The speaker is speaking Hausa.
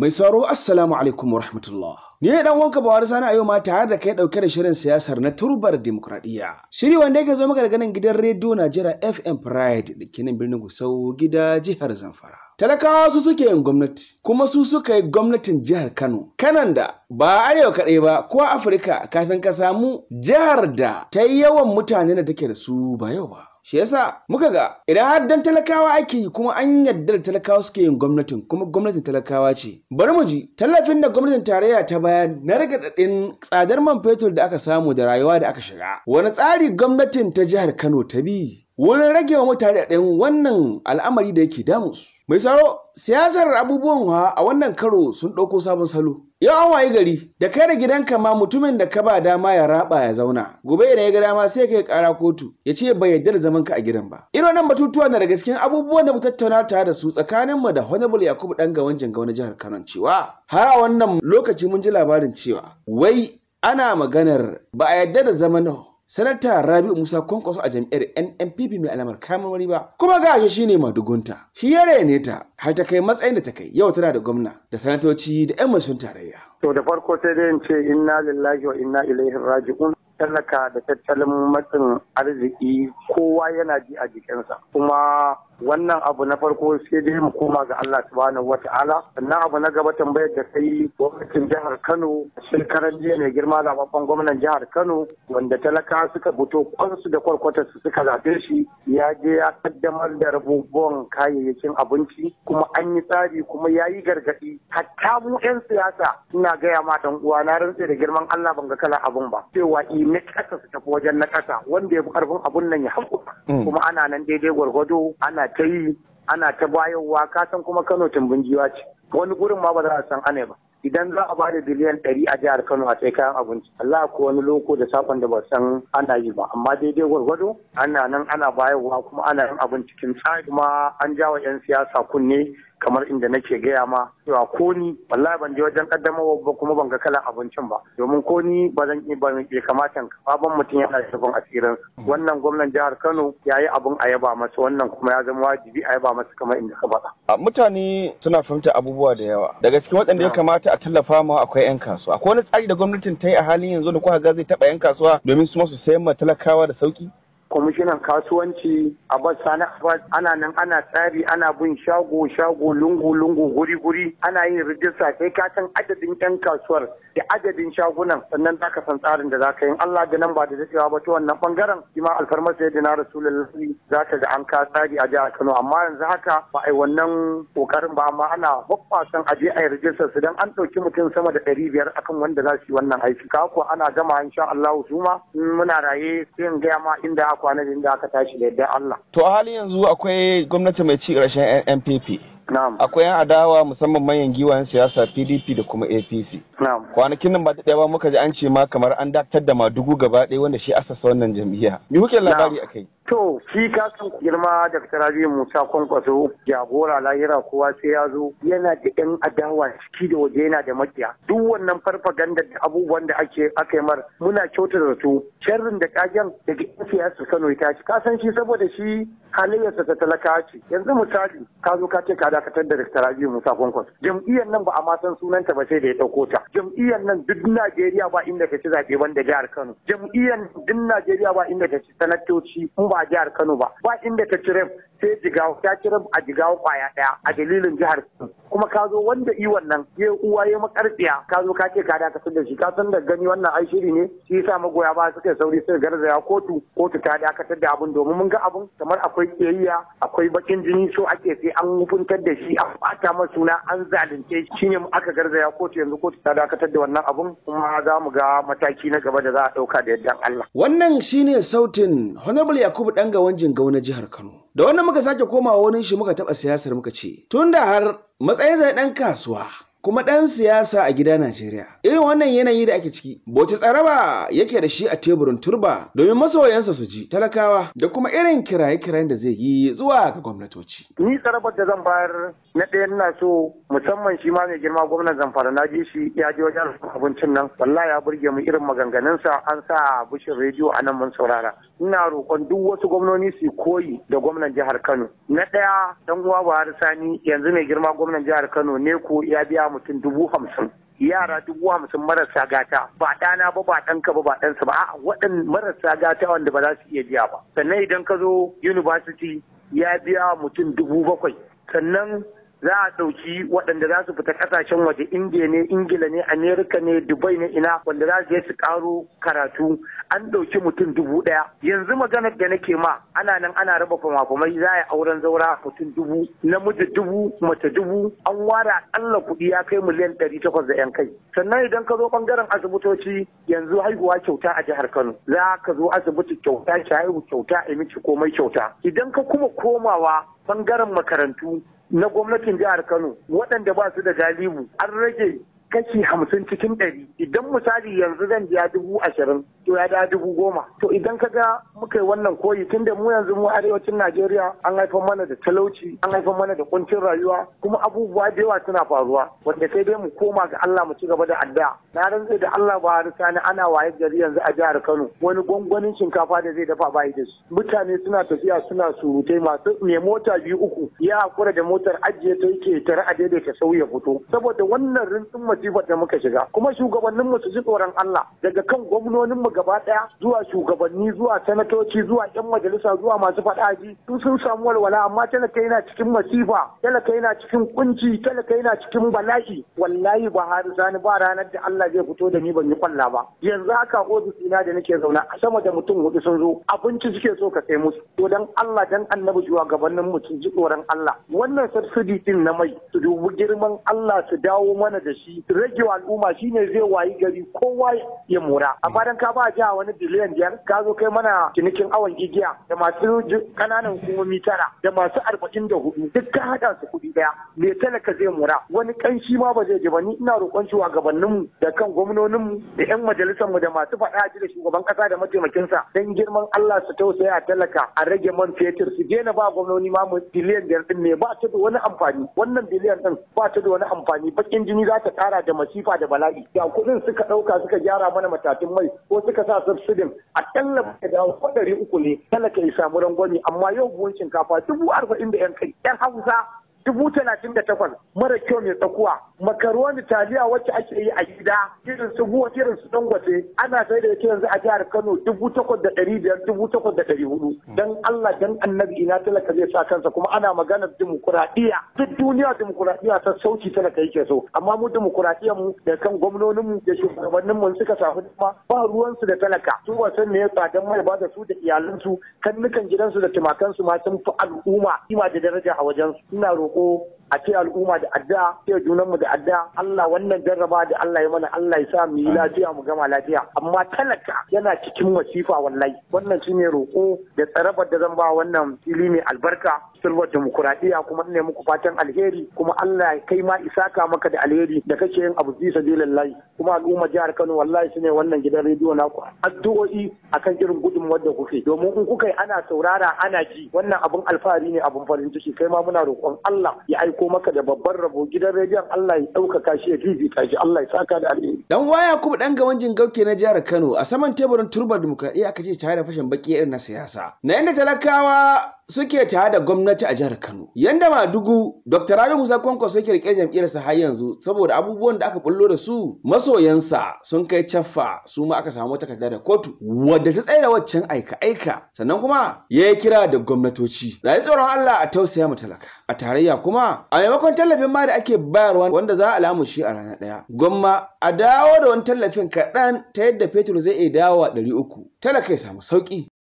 Mai sauro Assalamu alaikum wa rahmatullah. Ni ne dan wanka Buhari Sani a yau ma tare da kai ɗauke da shirin siyasar na turbar demokradiyya. Shiri wanda yake zo maka daga nan gidan rediyo Najeriya FM Pride da ke nan birnin Gusau gida jihar Zamfara. Talakawa su suke yin gwamnati kuma su suka yi gwamnatin jihar Kano. Kanan da ba arewa kaɗai ba ko Afirka kafin ka samu jihar da ta yi yawan mutanen da take da su ba yau ba. shi yasa muka ga idan har dan talakawa ake yi kuma an yarda da talakawa suke yin gwamnatin kuma gwamnatin talakawa ce bari mu ji tallafin da gwamnatin tarayya ta bayar na ragadadin tsadar man fetur da aka samu da rayuwa da aka shiga wani tsari gwamnatin ta jihar Kano ta bi wurin rage wa mutane ɗin wannan al'amari da yake damus. Mai tsaro siyasar abubuwan ha a wannan karo sun ɗauko sabon salo. Yau an wayi gari da kai da gidanka ma mutumin da ka ba dama ya raba ya zauna. Gobe idan ya ga dama sai kai kara kotu ya ce bai yarda da zaman ka a gidan ba. Irin nan batutuwa na daga cikin abubuwan da mu tattauna tare da su tsakanin mu da Honorable Yakubu Dangawan Jangawa na jihar Kano cewa har a wannan lokaci mun ji labarin cewa wai ana maganar ba a yarda da zaman sanata rabi'u musa kwankwaso a jam'iyyar nnpp mai alamar kamar ba kuma ga shi shine madugunta shi ya rene ta har ta kai matsayin da ta kai yau tana da gwamna da sanatoci da yan masun tarayya to da farko sai dai in ce inna lillahi wa inna ilaihi raji'un talaka da tattalin matsin arziki kowa yana ji a jikinsa kuma wannan abu na farko sai dai mu koma ga Allah subhanahu wataala sannan abu na gaba tambayar da kai gwamnatin jihar Kano shekaran jiya ne girma zababben gwamnan jihar Kano wanda talaka suka fito kwansu da kwarkwatar su suka zabe shi ya je ya kaddamar da rabubuwan kayayyakin abinci kuma an yi tsari kuma ya yi gargaɗi hatta mu 'yan siyasa ina gaya ma dan uwa na rantse da girman Allah ban ga kala abun ba cewa i na ƙasa su tafi wajen na ƙasa wanda ya fi ƙarfin abun nan ya haƙura mm. kuma ana nan daidai gwargwado ana ta yi ana ta bayarwa ka san kuma Kano tumbin jiwa ce wani gurin ma ba za a san ana ba idan za a bada biliyan ɗari a jihar Kano a sai kayan abinci Allah ko wani loko da sakon da ba san ana yi ba amma daidai gwargwado ana nan ana bayarwa kuma ana yin abinci cikin tsari kuma an jawo 'yan siyasa kunne kamar inda nake gaya ma cewa ko ni wallahi ban je wajen kaddamarwa ba kuma ban ga kalan abincin ba domin ko ni ba zan ba bai kamata babban mutum yana shafin asirin hmm. wannan gwamnan jihar Kano ya yi abin a yaba masa wannan kuma ya zama wajibi a yaba masa kamar inda ka faɗa. mutane suna fahimta abubuwa da yawa daga cikin waɗanda ya kamata a tallafa ma akwai 'yan kasuwa akwai wani tsari da gwamnatin ta yi a halin yanzu da kuka ga zai taɓa 'yan kasuwa domin su su sayan ma talakawa da sauki. kwamishinan kasuwanci abbas sani abbas ana nan ana tsari ana bin shago shago lungu lungu guri guri ana yin rijista sai ka san adadin yan kasuwar da adadin shagunan sannan za ka san tsarin da za ka yi Allah da nan ba da dacewa ba ta wannan bangaren shi ma alfarmar sai da na rasulullahi za ka ga an ka tsari a jihar Kano amma yanzu haka ba a yi wannan kokarin ba amma ana hoɓɓasan aji a yi rijistar su don an ɗauki mutum sama da ɗari biyar akan wanda za su yi wannan aiki ka ko ana gama insha Allah su ma muna raye sai in gaya ma inda aka kwana inda aka tashi da yadda Allah. To a halin yanzu akwai gwamnati mai ci ƙarshen NPP akwai yan adawa musamman manyan giwayen siyasa pdp da kuma apc kwanakin nan ba ɗaya ba muka ji an ce ma kamar an dakatar da madugu gaba ɗaya wanda shi asasa wannan jam'iyya me kuke labari kai. To, shi ka san girma da Rabi Musa Kwankwaso jagora lahira kowa sai ya zo yana da ɗan adawa ciki da waje yana da makiya. Duk wannan farfaganda da abubuwan da ake aka yi mar muna da su sharrin da kagen daga ɗan siyasa Kano ya tashi. Ka san shi saboda shi halayyarsa ta talaka ce. Yanzu misali ka zo ka ce ka dakatar da Dr. Rabi Musa Kwankwaso. Jam'iyyar nan ba a ma san sunanta ba sai da ya ɗauko ta. Jam'iyyar nan duk Najeriya ba inda ta ci zaɓe wanda jihar Kano. Jam'iyyar duk Najeriya ba inda ta ci sanatoci. ba a jihar Kano ba ba inda ta cire sai jigawa ta cire a jigawa kwaya daya a dalilin jihar kuma ka zo wanda i wannan ya uwa ya makarfiya ka zo ka ce ka dakatar da shi ka san da gani wannan ai shiri ne shi yasa magoya ba suka sauri suka garzaya kotu kotu ta dakatar da abun domin mun ga abun kamar akwai kiyayya akwai bakin jini so ake sai an hukuntar da shi a bata masa suna an zalunce shi ne aka garzaya kotu yanzu kotu ta dakatar da wannan abun kuma za mu ga mataki na gaba da za a dauka da yaddan Allah wannan shine sautin honorable Yakubu Yakubu dan gawan Jingau na jihar Kano. Da wannan muka sake komawa wurin shi muka taba siyasar muka ce tunda har matsayin zai dan kasuwa kuma ɗan siyasa a gida Najeriya. Irin wannan yanayi da ake ciki, boci tsaraba yake da shi a teburin turba domin masoyansa su ji talakawa da kuma irin kiraye-kirayen da zai yi zuwa ga gwamnatoci. Ni tsarabar da zan bayar na ɗaya ina so musamman shi ma mai girma gwamnan zamfara na ji shi ya je wajen abincin nan wallahi ya burge mu irin maganganunsa an sa bishin rediyo a nan mun saurara. Ina roƙon duk wasu gwamnoni su koyi da gwamnan jihar Kano. Na ɗaya dan uwa Buhari Sani yanzu mai girma gwamnan jihar Kano ne ko ya biya mutum dubu hamsin yara dubu hamsin marasa gata ba ɗana ba ba ɗanka ba ba ɗansa ba a'a waɗan marasa gata wanda ba za su iya biya ba sannan idan ka zo university ya biya mutum dubu bakwai sannan za a ɗauki waɗanda za su fita ƙasashen waje indiya ne ingila ne amerika ne dubai ne ina wanda za su je su ƙaro karatu an ɗauki mutum dubu ɗaya yanzu maganar da nake ma ana nan ana raba fama-famai za a yi auren zaura mutum dubu namiji dubu mace dubu an ware aƙalla kuɗi ya kai miliyan ɗari takwas da 'yan kai sannan idan ka zo ɓangaren asibitoci yanzu haihuwa kyauta a jihar kano za ka zo asibiti kyauta ki haihu kyauta a miki komai kyauta idan ka kuma komawa ɓangaren makarantu na gwamnatin jihar Kano waɗanda ba su da galibu an rage kashi hamsin cikin ɗari idan misali yanzu zan biya dubu ashirin to ya da dubu goma to idan ka ga muka yi wannan koyi tun da mu yanzu mu arewacin najeriya an haifar mana da talauci an haifar mana da kuncin rayuwa kuma abubuwa da yawa suna faruwa wanda sai dai mu koma ga allah mu ci gaba da addu'a na rantse da allah ba sani ana waye gari yanzu a jihar kano wani gwangwanin shinkafa da zai dafa bayi da su mutane suna tafiya suna surutai masu mai mota biyu uku ya hakura da motar ajiye ta yake tare a daidaita sauya fito saboda wannan rintsin masifar da muka shiga kuma shugabanninmu su ji tsoron allah daga kan gwamnonin ga gaba daya zuwa shugabanni zuwa sanatoci zuwa yan majalisa zuwa masu fadaji su sun samu walwala amma talaka yana cikin masifa talaka yana cikin kunci talaka yana cikin bala'i wallahi ba har sani ba ranar da Allah zai fito da ni ban yi kwalla ba yanzu haka ofis ina da nake zauna a sama da mutum hudu sun zo abinci suke so ka kai musu to dan Allah dan annabi shugabannin mu ji tsoron Allah wannan subsidy din na mai su dubi girman Allah su dawo mana da shi rage al'umma shine zai wayi gari kowa ya mura. a bayan ka ba ba jiha wani biliyan biyar ka zo kai mana cinikin awon igiya da masu kananan hukumomi tara da masu arba'in da hudu duk ka haɗa su kuɗi ɗaya me talaka zai mura wani ƙanshi ma ba zai ji ba ni ina roƙon mu da kan gwamnoninmu da 'yan mu da masu faɗa ji da shugaban ƙasa da sa. don girman Allah su tausaya talaka a rage man fetur su daina ba gwamnoni ma mu biliyan biyar ɗin ne ba ta da wani amfani wannan biliyan ɗin ba ta da wani amfani bakin jini za ta ƙara da masifa da bala'i da kuɗin suka ɗauka suka gyara mana matakin mai ko suka sa subsidin akalla da dawo ɗari uku ne talaka ya samu rangwani amma yau buhun shinkafa dubu arba'in da yan kai yan hausa dubu talatin da takwas mara kyau mai tsakuwa makaroni taliya wacce ake yi a gida irin su buwa irin su dangote ana sai da yake yanzu a jihar kano dubu takwas da ɗari biyar dubu takwas da ɗari hudu hmm. dan allah dan annabi ina talaka zai sa kansa kuma ana magana dimokuraɗiyya duk duniya dimokuraɗiyya ta sauki talaka yake so amma mu dimokuraɗiyyar mu da kan gwamnonin mu da shugabannin mu suka samu dama ba ruwan su da talaka su ba san me ya mai ba da su da iyalansu kannukan gidansu da tumakansu ma sun fi al'umma ima da daraja a wajen su. ina roƙo roƙo a ce al'umma da addu'a ce junanmu da addu'a Allah wannan jarraba da Allah ya mana Allah ya sa mu yi lafiya mu gama lafiya amma talaka yana cikin wasifa wallahi wannan shine roƙo da tsarabar da zan ba wannan fili mai albarka silver demokuraɗiyya kuma ne muku fatan alheri kuma Allah ya kai ma isaka maka da alheri da kake yin abu fi sabilillahi kuma al'umma jihar Kano wallahi shine wannan gidan rediyo naku addu'o'i akan irin gudun da kuke domin in kuka yi ana saurara ana ji wannan abun alfahari ne abun farin ciki kai ma muna roƙon Allah ya aiko maka da babban rabo gidan rediyon Allah ya ɗaukaka shi ya fifita shi Allah ya saka da alheri dan waya kuma dan gawan jingauke na jihar Kano a saman teburin turbar dimokuraɗiyya aka ce tare da fashin baki irin na siyasa na yadda talakawa suke tare da gwamnati gwamnati a jihar Kano. Yanda Madugu Dr. Rabi Musa Kwankwaso ke rike sa har yanzu saboda abubuwan da aka bullo da su masoyansa sun kai caffa su ma aka samu takarda da kotu wadda ta tsaida waccan aika aika sannan kuma ya yi kira da gwamnatoci. Da tsoron Allah a tausaya mu talaka. A tarayya kuma a maimakon tallafin ma da ake bayarwa wanda za a lamu shi a rana ɗaya. Gwamma a dawo da wani tallafin kaɗan ta yadda fetur zai iya dawo a ɗari uku. Talaka ya samu sauƙi.